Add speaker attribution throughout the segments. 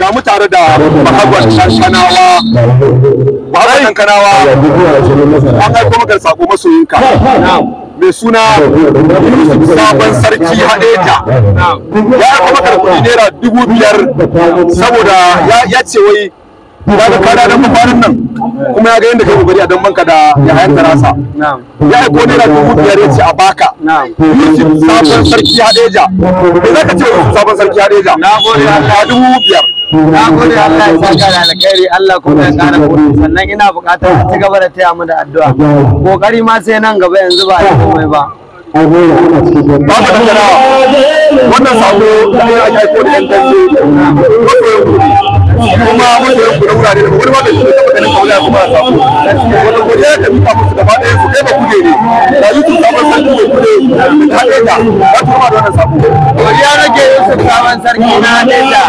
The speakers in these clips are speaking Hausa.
Speaker 1: ga mu tare da mahagwan shanshanawa mahagwan kankanawa an haifo maka da sako masoyinka mai suna sabon sarki hadeja ya haifo maka da kuɗi naira dubu biyar saboda ya ce wai ya ga kada da mafarin nan kuma ya ga yadda kai kokari a dan banka da ya hayar da rasa ya yi ko naira dubu biyar ya ce a baka yusuf sabon sarki hadeja me za ka ce sabon sarki hadeja na gode a dubu biyar na gode Allah ya saka da alkhairi Allah kuma ya kara kuɗi sannan ina buƙatar ci gaba da taya mu da addu'a kokari ma sai nan gaba yanzu ba da komai ba babu da jarawa wannan sako ne a kai ko da yan tace kuma wanda ya kula wurare da wani ma da shi da mutane kawai ya kuma sako wanda ko ya tafi ka musu gaba ɗaya su kai ba kuke ne da tun sabon sarki ne ne kuje da haɗe ta ya kuma da wannan sako ya rage yusuf sabon sarki na haɗe ta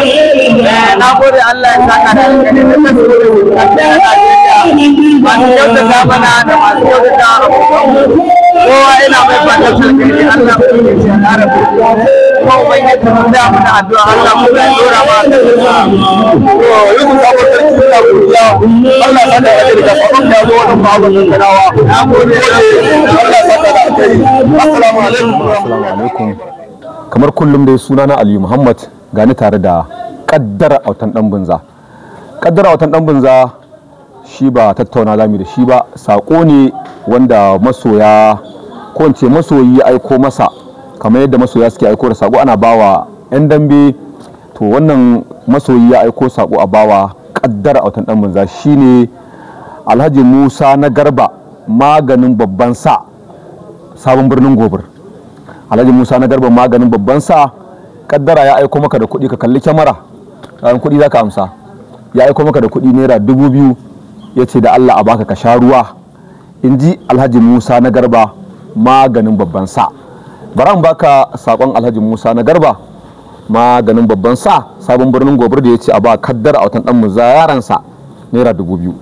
Speaker 1: gode Allah ya saka da da da a da addu'a da kamar kullum dai sunana ali Muhammad gani tare da kaddara autan dan bunza kaddara autan dan bunza shi ba tattauna zamu da shi ba sako ne wanda masoya ko in ce masoyi aiko masa kamar yadda masoya suke aiko da sako ana bawa yan dambe to wannan masoyi ya aiko sako a bawa kaddara autan dan bunza shine alhaji musa na garba maganin babban sa sabon birnin gobir alhaji musa na garba maganin babban sa kaddara ya aiko maka da kuɗi ka kalli kyamara kan kuɗi za ka amsa ya aiko maka da kuɗi naira dubu biyu ya ce da allah a baka ka sha ruwa in ji alhaji musa na garba maganin babban sa baran baka sakon alhaji musa na garba maganin babban sa sabon birnin gobir da ya ce a ba kaddara a watan dan mu yaransa naira dubu biyu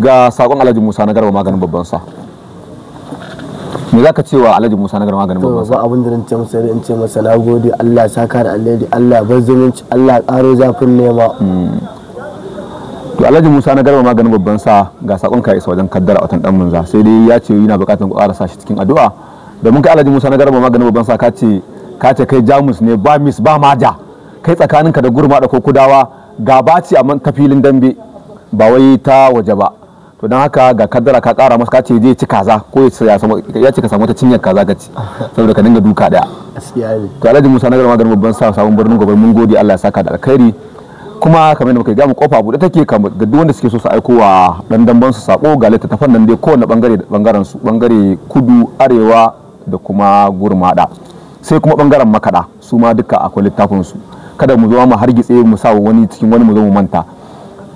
Speaker 1: ga sakon alhaji musa na garba maganin babban sa me zaka ce wa Alhaji Musa na garma ganin babban sa abin da zan ce masa in ce masa na gode Allah ya saka da alheri Allah bar zumunci Allah karo zafin nema hmm. to Alhaji Musa na garma maganin babban sa ga sakon ka isa wajen kaddara watan dan munza sai dai ya ce yana bukatar ku ƙara sa shi cikin addu'a domin kai Alhaji Musa na garma maganin babban sa ka ce ka ce kai Jamus ne ba mis ba maja kai tsakaninka da gurma da kokudawa gaba ce amma ta filin dambe ba wai ta waje ba to don haka ga kaddara ka kara masa kace zai ci kaza ko ya ci ka samu ta cinyar kaza ka ci saboda ka dinga duka daya to alhaji musa na garma garin babban sa sabon birnin gobe mun gode Allah ya saka da alkhairi kuma kamar da muka ga mu kofa buɗe take ga duk wanda suke so su aiko wa dan damban su sako ga ta nan dai kowanne bangare bangaren su bangare kudu arewa da kuma gurmada sai kuma bangaren makada su ma duka akwai littafin su kada mu zo mu hargitse mu sa wani cikin wani mu zo mu manta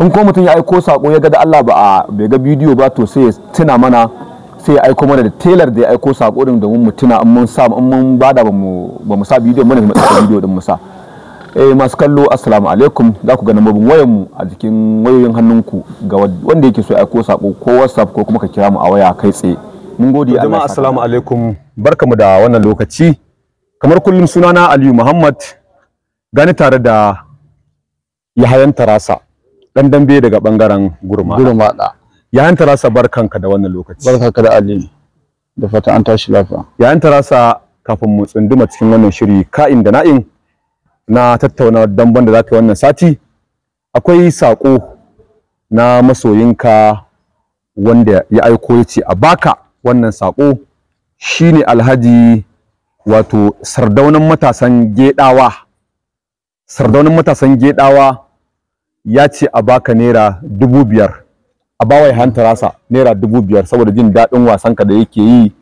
Speaker 1: in ko mutum ya aiko sako ya ga da Allah ba a bai ga bidiyo ba to sai ya tuna mana sai ya aiko mana da telar da ya aiko sako din domin mu tuna in mun sa in mun bada ba mu ba mu sa bidiyo mana mu tsaka bidiyo din mu sa eh masu kallo assalamu alaikum za ku ga nambobin wayar mu a jikin wayoyin hannunku ga wanda yake so ya aiko sako ko WhatsApp ko kuma ka kira mu a waya kai tsaye mun gode Allah jama'a assalamu alaikum barkamu da wannan lokaci kamar kullum sunana Aliyu Muhammad gani tare da Yahayan Tarasa dan dambe daga bangaren gurma gurmada ya hantara sa barkanka da wannan lokaci barkanka da ali da fata an tashi lafiya ya hantara sa kafin mu tsunduma cikin wannan shiri ka'in da na'in na tattauna damban da zaka yi wannan sati akwai sako na masoyinka wanda ya aiko ya ce a baka wannan sako shine alhaji wato sardaunan matasan gedawa sardaunan matasan gedawa ya ce a baka naira dubu biyar a bawai hantarasa naira dubu biyar saboda jin daɗin wasanka da yake yi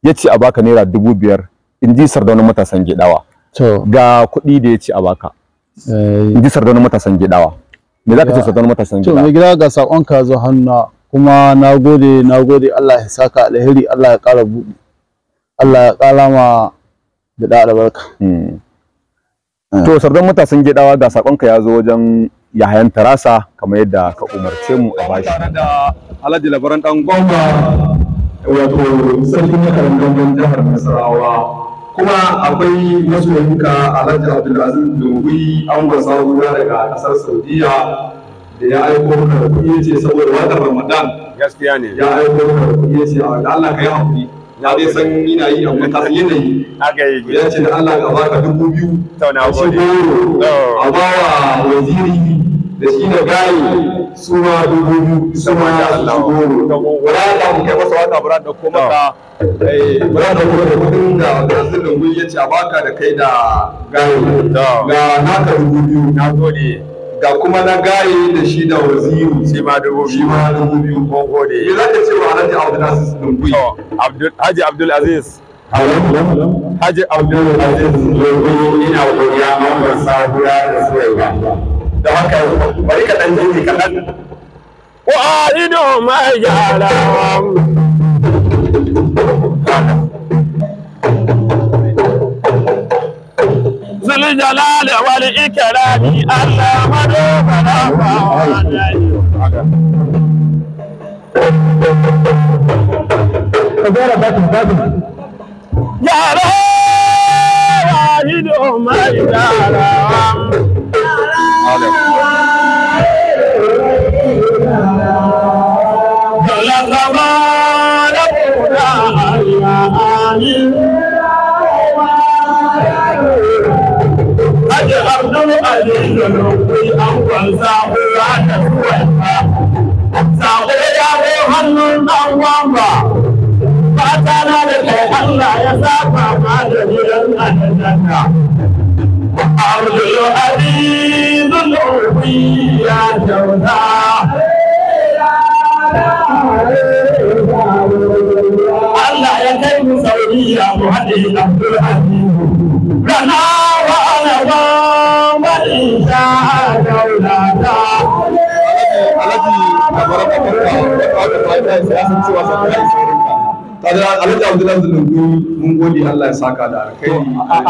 Speaker 1: ya ce a baka naira dubu biyar in ji sardaunin matasan gidawa ga kuɗi da ya ce a baka eh. in ji sardaunin matasan gidawa me za ka ce sardaunin matasan gidawa mai me gida ga ka zo hannu kuma na gode na gode Allah ya saka alheri Allah ya ƙara buɗi Allah ya ƙara ma da da barka to sardaunin matasan gidawa ga ka ya zo wajen yahayan tarasa kamar yadda ka umarce mu a bashi da alhaji labaran dan gonga wato sarkin makarin gwamnan jihar nasarawa kuma akwai masoyinka alhaji abdulaziz dogui an gwasa ruwa daga kasar saudiya da ya aiko maka da kuɗi ce saboda watan ramadan gaskiya ne ya aiko maka da kuɗi ce a Allah ka yi hakuri ya dai san ina yi amma ka san yanayi aka yi ya ce da Allah ka baka dubu biyu ta na gode a bawa waziri da shi da gayi su ma dubu biyu su ma ya su goro wala da mu kai masa wata bura da ko maka eh bura da ko da kudin da Brazil mun yace a baka da kai da gayi ga naka dubu biyu na gode ga kuma na gaye da shi da waziri sai ma dubu biyu ma dubu biyu mun gode me zaka ce wa Alhaji Abdul Aziz dun gui Abdul Haji Abdul Aziz Haji Abdul Aziz Dumbuyi ina godiya mun ban sabuwa da suwaye ba da haka bari ka dan jini kaɗan wa ido mai gyarawa jalal wal ikrami Allah mado fara Yara wahidu mai yara malam Hajji Abdul Aziz da Rufi an kwanza hura ya hannun ɗan wamba, na da Allah ya saba ma da gidan aljanna. Abdul manomi ya kyauta Allah ya kai mu sauriya mu haɗe Abdul Aziz rana wa ana ba mai sa daulata Alhaji Kabara Kabarka da kawai fata sai sun cewa alhaji abdullahi mun gode allah ya saka da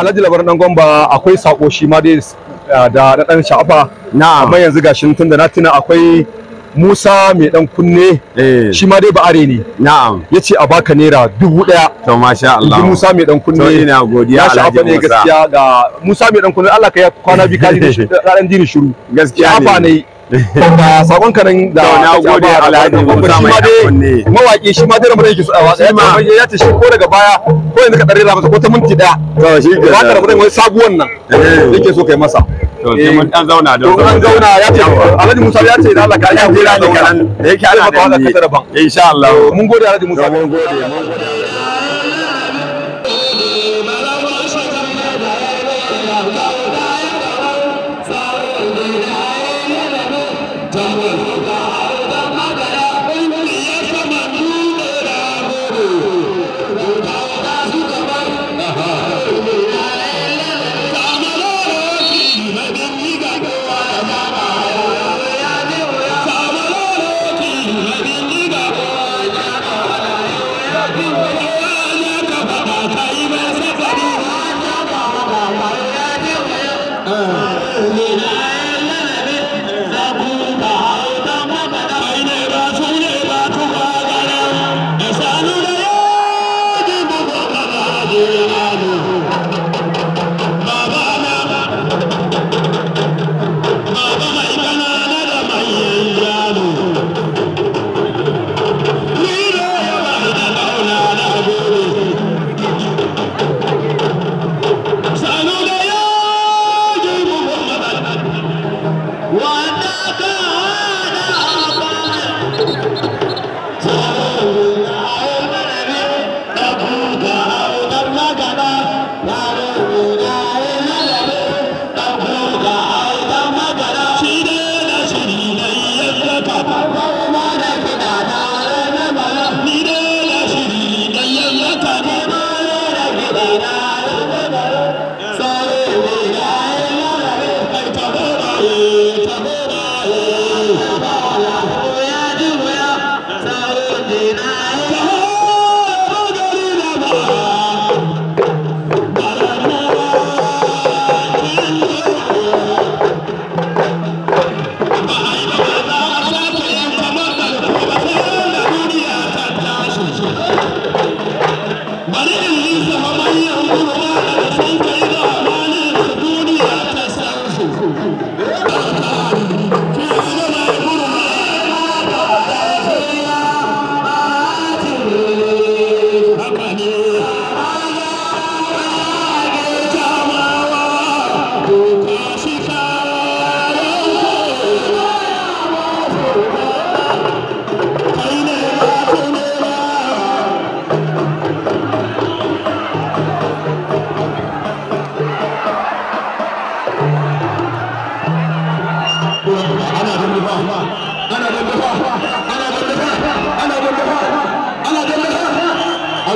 Speaker 1: alhaji dan gomba akwai sako shi ma dai da da dan sha'afa amma yanzu gashin tunda na tuna akwai Musa mai dan kunne eh. shi ma dai ba are ne na'am yace a baka naira dubu daya to masha Allah Musa mai dan kunne to ina godiya Alhaji Musa ne gaskiya ga Musa mai dan kunne Allah ka ya kwana bi kaji da dan jini shiru gaskiya ne da sakon ka nan da na gode Alhaji Musa mai kunne mawaki shi ma dare mun yake tsawa ma ya ta shi ko daga baya ko yanzu ka dare masa ko ta minti daya to shi ke ba ka rabu sabuwan nan eh. yake so kai masa to sai mun dan zauna da to an zauna ya ce Alhaji Musa ya ce Allah ka ya da kanan da yake Allah da ni insha Allah mun gode Alhaji Musa mun gode mun gode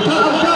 Speaker 1: I'll, out, out, out.